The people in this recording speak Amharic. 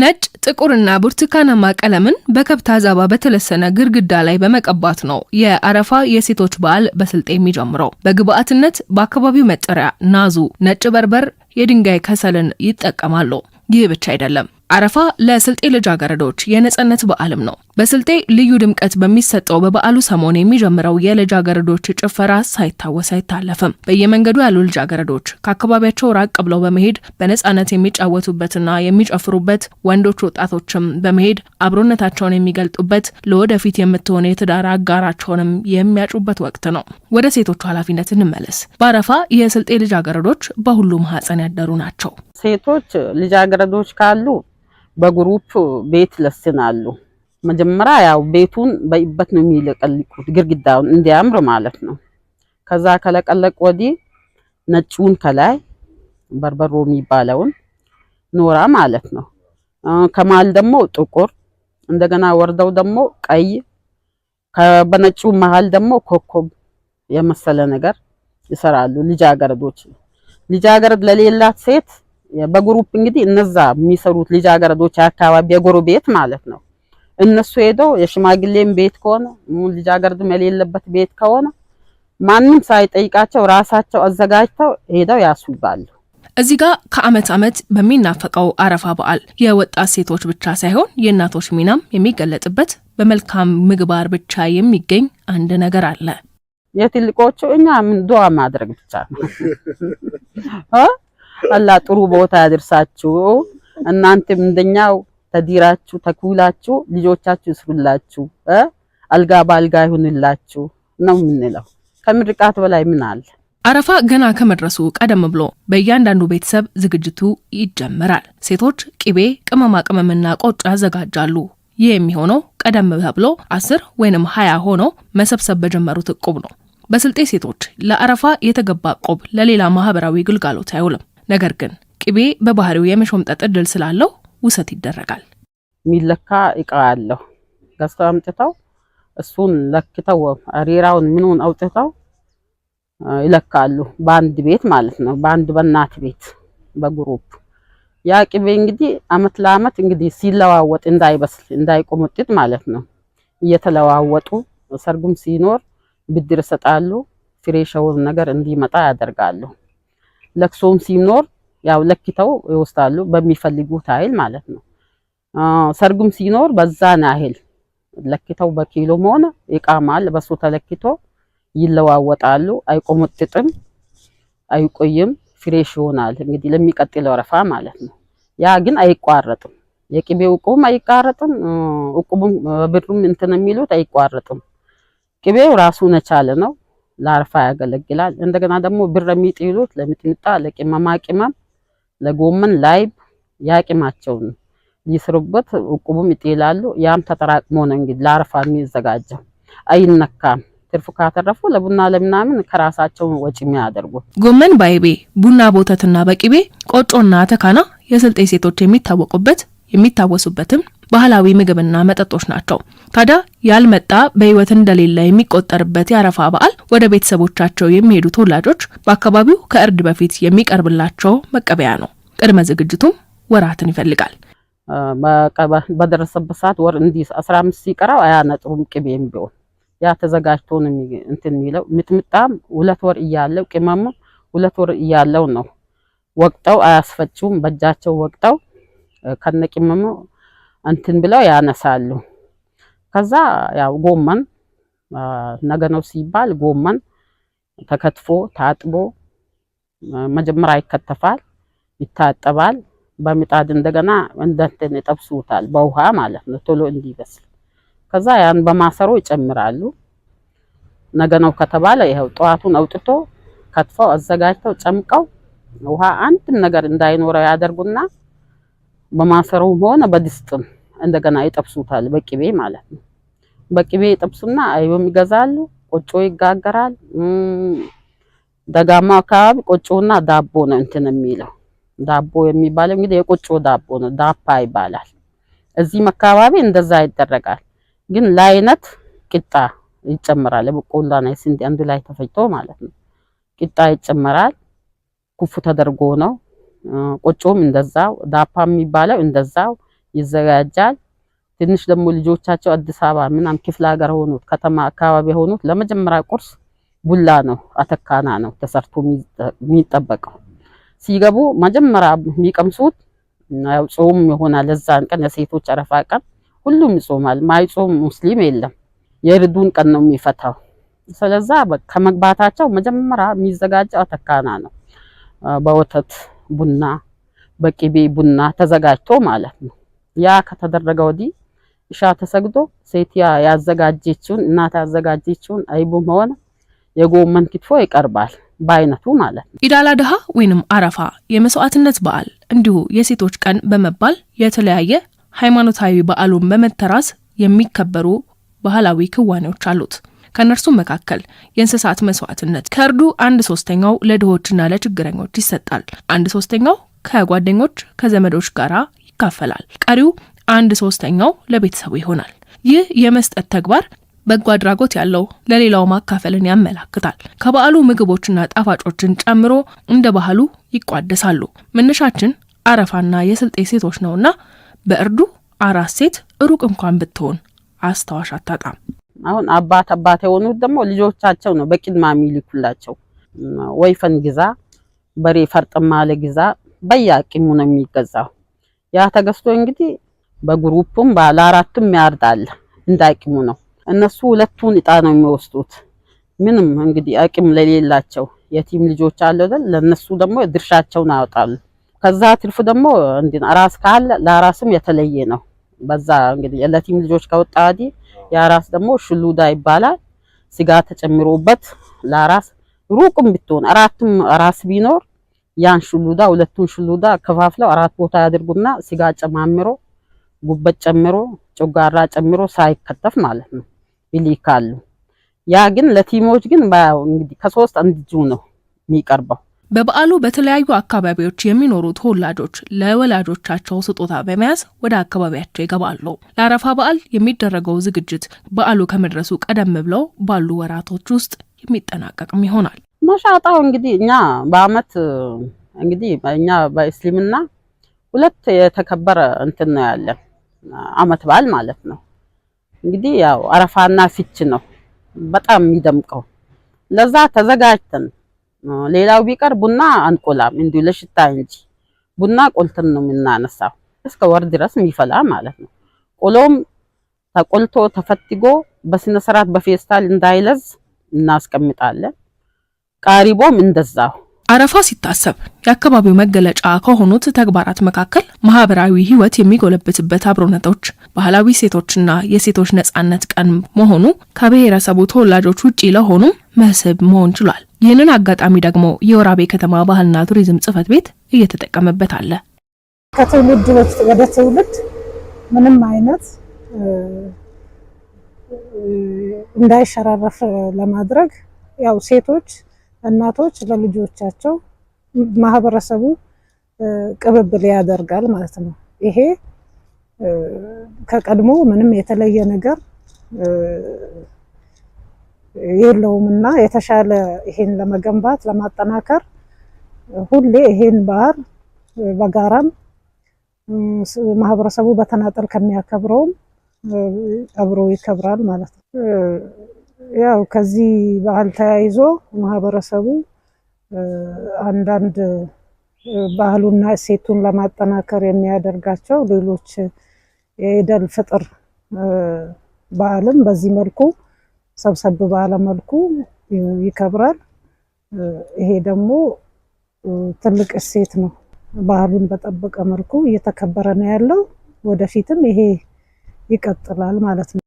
ነጭ ጥቁርና ብርቱካናማ ቀለምን በከብት አዛባ በተለሰነ ግድግዳ ላይ በመቀባት ነው የአረፋ የሴቶች በዓል በስልጤ የሚጀምረው። በግብአትነት በአካባቢው መጠሪያ ናዙ ነጭ በርበር የድንጋይ ከሰልን ይጠቀማሉ። ይህ ብቻ አይደለም። አረፋ ለስልጤ ልጃገረዶች የነጻነት በዓልም ነው። በስልጤ ልዩ ድምቀት በሚሰጠው በበዓሉ ሰሞን የሚጀምረው የልጃገረዶች ጭፈራ ሳይታወስ አይታለፍም። በየመንገዱ ያሉ ልጃገረዶች ከአካባቢያቸው ራቅ ብለው በመሄድ በነፃነት የሚጫወቱበትና የሚጨፍሩበት፣ ወንዶች ወጣቶችም በመሄድ አብሮነታቸውን የሚገልጡበት፣ ለወደፊት የምትሆን የትዳር አጋራቸውንም የሚያጩበት ወቅት ነው። ወደ ሴቶቹ ኃላፊነት እንመለስ። በአረፋ የስልጤ ልጃገረዶች በሁሉ ማህፀን ያደሩ ናቸው። ሴቶች ልጃገረዶች ካሉ በግሩፕ ቤት ለስናሉ። መጀመሪያ ያው ቤቱን በኢበት ነው የሚለቀልቁት፣ ግድግዳውን እንዲያምር ማለት ነው። ከዛ ከለቀለቅ ወዲህ ነጩን ከላይ በርበሮ የሚባለውን ኖራ ማለት ነው። ከማል ደግሞ ጥቁር፣ እንደገና ወርደው ደግሞ ቀይ፣ በነጩ መሀል ደግሞ ኮከብ የመሰለ ነገር ይሰራሉ። ልጃገረዶች ልጃገረድ ለሌላት ሴት በግሩፕ እንግዲህ እነዛ የሚሰሩት ልጃገረዶች የአካባቢ የጎረቤት ማለት ነው እነሱ ሄደው የሽማግሌም ቤት ከሆነ ልጃገረድ የሌለበት ቤት ከሆነ ማንም ሳይጠይቃቸው ራሳቸው አዘጋጅተው ሄደው ያስውባሉ። እዚህ ጋር ከአመት አመት በሚናፈቀው አረፋ በዓል የወጣት ሴቶች ብቻ ሳይሆን የእናቶች ሚናም የሚገለጥበት በመልካም ምግባር ብቻ የሚገኝ አንድ ነገር አለ። የትልቆቹ እኛ ምን ዱዓ ማድረግ ብቻ ነው። አላህ ጥሩ ቦታ ያደርሳችሁ። እናንተም እንደኛው ተዲራችሁ ተኩላችሁ ልጆቻችሁ ይስሩላችሁ፣ አልጋ በአልጋ ይሁንላችሁ ነው የምንለው። ከምርቃት በላይ ምን አለ? አረፋ ገና ከመድረሱ ቀደም ብሎ በእያንዳንዱ ቤተሰብ ዝግጅቱ ይጀመራል። ሴቶች ቅቤ፣ ቅመማ ቅመምና ቆጮ ያዘጋጃሉ። ይህ የሚሆነው ቀደም ተብሎ አስር ወይንም ሀያ ሆኖ መሰብሰብ በጀመሩት እቁብ ነው። በስልጤ ሴቶች ለአረፋ የተገባ እቁብ ለሌላ ማህበራዊ ግልጋሎት አይውልም። ነገር ግን ቅቤ በባህሪው የመሾምጠጥ እድል ስላለው ውሰት ይደረጋል። የሚለካ እቃ አለው ገዝተው አምጥተው እሱን ለክተው ሬራውን ምኑን አውጥተው ይለካሉ። በአንድ ቤት ማለት ነው፣ በአንድ በእናት ቤት በግሩፕ ያ ቅቤ እንግዲህ አመት ለአመት እንግዲህ ሲለዋወጥ እንዳይበስል እንዳይቆመጥጥ ማለት ነው። እየተለዋወጡ ሰርጉም ሲኖር ብድር ይሰጣሉ። ፍሬሸውን ነገር እንዲመጣ ያደርጋሉ። ለቅሶም ሲኖር ያው ለኪተው ይወስዳሉ በሚፈልጉት ያህል ማለት ነው። ሰርጉም ሲኖር በዛን አይል ለኪተው በኪሎ መሆነ ይቃማል። በሱ ተለኪቶ ይለዋወጣሉ። አይቆመጥጥም፣ አይቆይም፣ ፍሬሽ ይሆናል። እንግዲህ ለሚቀጥለው ወረፋ ማለት ነው። ያ ግን አይቋረጥም። የቅቤ እቁብም አይቋረጥም። እቁቡም በብሩም እንትን የሚሉት አይቋረጥም። ቅቤው ራሱ ነቻለ ነው። ለአረፋ ያገለግላል። እንደገና ደግሞ ብር የሚጥሉት ለሚጥሚጣ፣ ለቅመማ ቅመም ለጎመን ላይብ ያቂማቸውን ይስሩበት፣ እቁቡም ይጤላሉ። ያም ተጠራቅሞ ነው እንግዲህ ለአረፋ የሚዘጋጀው አይነካም። ትርፉ ካተረፉ ለቡና ለምናምን ከራሳቸው ወጪ የሚያደርጉ ጎመን ባይቤ ቡና ቦተትና በቂቤ ቆጮና ተካና የስልጤ ሴቶች የሚታወቁበት የሚታወሱበትም ባህላዊ ምግብና መጠጦች ናቸው። ታዲያ ያልመጣ በህይወት እንደሌለ የሚቆጠርበት የአረፋ በዓል ወደ ቤተሰቦቻቸው የሚሄዱ ተወላጆች በአካባቢው ከእርድ በፊት የሚቀርብላቸው መቀበያ ነው። ቅድመ ዝግጅቱም ወራትን ይፈልጋል። በደረሰበት ሰዓት ወር እንዲህ አስራ አምስት ሲቀራው አያነጥሩም። ቅቤም ቢሆን ያ ተዘጋጅቶን እንትን የሚለው ምጥምጣም ሁለት ወር እያለው ቅመሙ ሁለት ወር እያለው ነው ወቅጠው አያስፈጩም። በእጃቸው ወቅጠው ከነቂመሙ እንትን ብለው ያነሳሉ። ከዛ ያው ጎመን ነገ ነው ሲባል ጎመን ተከትፎ ታጥቦ መጀመሪያ ይከተፋል፣ ይታጠባል። በምጣድ እንደገና እንደንትን ይጠብሱታል፣ በውሃ ማለት ነው ቶሎ እንዲበስል። ከዛ ያን በማሰሮ ይጨምራሉ። ነገ ነው ከተባለ ይኸው ጠዋቱን አውጥቶ ከትፈው አዘጋጅተው ጨምቀው ውሃ አንድም ነገር እንዳይኖረው ያደርጉና በማሰሩም ሆነ በድስትም እንደገና ይጠብሱታል፣ በቅቤ ማለት ነው። በቅቤ ይጠብሱና አይብም ይገዛሉ፣ ቆጮ ይጋገራል። ደጋማ አካባቢ ቆጮና ዳቦ ነው እንትን የሚለው ዳቦ የሚባለው እንግዲህ የቆጮ ዳቦ ነው፣ ዳፓ ይባላል። እዚህም አካባቢ እንደዛ ይደረጋል። ግን ለአይነት ቂጣ ይጨመራል። የበቆሎና የስንዴ አንድ ላይ ተፈጭቶ ማለት ነው። ቂጣ ይጨመራል። ኩፉ ተደርጎ ነው ቆጮም እንደዛው ዳፓ የሚባለው እንደዛው ይዘጋጃል። ትንሽ ደግሞ ልጆቻቸው አዲስ አበባ ምናምን ክፍለ ሀገር ሆኑት ከተማ አካባቢ ሆኑት ለመጀመሪያ ቁርስ ቡላ ነው፣ አተካና ነው ተሰርቶ የሚጠበቀው። ሲገቡ መጀመሪያ የሚቀምሱት ያው ጾም ይሆናል። ለዛን ቀን የሴቶች አረፋ ቀን ሁሉም ይጾማል። ማይጾም ሙስሊም የለም። የርዱን ቀን ነው የሚፈታው። ስለዛ ከመግባታቸው መጀመሪያ የሚዘጋጀው አተካና ነው በወተት ቡና በቅቤ ቡና ተዘጋጅቶ ማለት ነው። ያ ከተደረገ ወዲህ እሻ ተሰግዶ ሴት ያዘጋጀችውን እናት ያዘጋጀችውን አይቡም ሆነ የጎመን ክትፎ ይቀርባል በአይነቱ ማለት ነው። ኢድ አል አድሃ ወይንም አረፋ የመስዋዕትነት በዓል እንዲሁ የሴቶች ቀን በመባል የተለያየ ሃይማኖታዊ በዓሉን በመተራስ የሚከበሩ ባህላዊ ክዋኔዎች አሉት። ከእነርሱም መካከል የእንስሳት መስዋዕትነት ከእርዱ አንድ ሶስተኛው ለድሆችና ለችግረኞች ይሰጣል። አንድ ሶስተኛው ከጓደኞች ከዘመዶች ጋር ይካፈላል። ቀሪው አንድ ሶስተኛው ለቤተሰቡ ይሆናል። ይህ የመስጠት ተግባር በጎ አድራጎት ያለው ለሌላው ማካፈልን ያመላክታል። ከበዓሉ ምግቦችና ጣፋጮችን ጨምሮ እንደ ባህሉ ይቋደሳሉ። መነሻችን አረፋና የስልጤ ሴቶች ነውና በእርዱ አራት ሴት ሩቅ እንኳን ብትሆን አስታዋሽ አታጣም። አሁን አባት አባት የሆኑት ደግሞ ልጆቻቸው ነው በቅድማ የሚልኩላቸው። ወይፈን ግዛ፣ በሬ ፈርጥማ አለ ግዛ፣ በየአቅሙ ነው የሚገዛው። ያ ተገዝቶ እንግዲህ በግሩፕም ባለ ያርዳል እንደ ነው። እነሱ ሁለቱን እጣ ነው የሚወስዱት። ምንም እንግዲህ አቅም ለሌላቸው የቲም ልጆች አለ አይደል፣ ለነሱ ደግሞ ድርሻቸውን አወጣሉ። ከዛ ትርፍ ደግሞ እንዲህ አራስ ካለ ለአራስም የተለየ ነው። በዛ እንግዲህ ለቲም ልጆች ከወጣ ወዲህ የአራስ ደግሞ ሽሉዳ ይባላል። ስጋ ተጨምሮበት ለአራስ ሩቅም ብትሆን አራቱም አራስ ቢኖር ያን ሽሉዳ ሁለቱን ሽሉዳ ከፋፍለው አራት ቦታ ያድርጉና ስጋ ጨማምሮ ጉበት ጨምሮ ጨጓራ ጨምሮ ሳይከተፍ ማለት ነው ይልካሉ። ያ ግን ለቲሞች ግን እንግዲህ ከሶስት አንድ እጁ ነው የሚቀርበው። በበዓሉ በተለያዩ አካባቢዎች የሚኖሩ ተወላጆች ለወላጆቻቸው ስጦታ በመያዝ ወደ አካባቢያቸው ይገባሉ። ለአረፋ በዓል የሚደረገው ዝግጅት በዓሉ ከመድረሱ ቀደም ብለው ባሉ ወራቶች ውስጥ የሚጠናቀቅም ይሆናል። መሻጣው እንግዲህ እኛ በዓመት እንግዲህ እኛ በእስልምና ሁለት የተከበረ እንትን ነው ያለን ዓመት በዓል ማለት ነው። እንግዲህ ያው አረፋና ፊች ነው በጣም የሚደምቀው። ለዛ ተዘጋጅተን ሌላው ቢቀር ቡና አንቆላም፣ እንዲሁ ለሽታ እንጂ ቡና ቆልተን ነው የምናነሳው። እስከ ወር ድረስ የሚፈላ ማለት ነው። ቆሎም ተቆልቶ ተፈትጎ በስነ ስርዓት በፌስታል እንዳይለዝ እናስቀምጣለን። ቃሪቦም እንደዛው አረፋ ሲታሰብ የአካባቢው መገለጫ ከሆኑት ተግባራት መካከል ማህበራዊ ህይወት የሚጎለብትበት አብሮነቶች፣ ባህላዊ ሴቶችና የሴቶች ነጻነት ቀን መሆኑ ከብሔረሰቡ ተወላጆች ውጪ ለሆኑም መስህብ መሆን ችሏል። ይህንን አጋጣሚ ደግሞ የወራቤ ከተማ ባህልና ቱሪዝም ጽፈት ቤት እየተጠቀመበት አለ። ከትውልድ ወደ ትውልድ ምንም አይነት እንዳይሸራረፍ ለማድረግ ያው ሴቶች እናቶች ለልጆቻቸው ማህበረሰቡ ቅብብል ያደርጋል ማለት ነው። ይሄ ከቀድሞ ምንም የተለየ ነገር የለውም እና የተሻለ ይሄን ለመገንባት ለማጠናከር ሁሌ ይሄን ባህር በጋራም ማህበረሰቡ በተናጠል ከሚያከብረውም አብሮ ይከብራል ማለት ነው። ያው ከዚህ ባህል ተያይዞ ማህበረሰቡ አንዳንድ ባህሉና እሴቱን ለማጠናከር የሚያደርጋቸው ሌሎች የኢደል ፍጥር በዓልም በዚህ መልኩ ሰብሰብ ባለ መልኩ ይከብራል። ይሄ ደግሞ ትልቅ እሴት ነው። ባህሉን በጠበቀ መልኩ እየተከበረ ነው ያለው። ወደፊትም ይሄ ይቀጥላል ማለት ነው።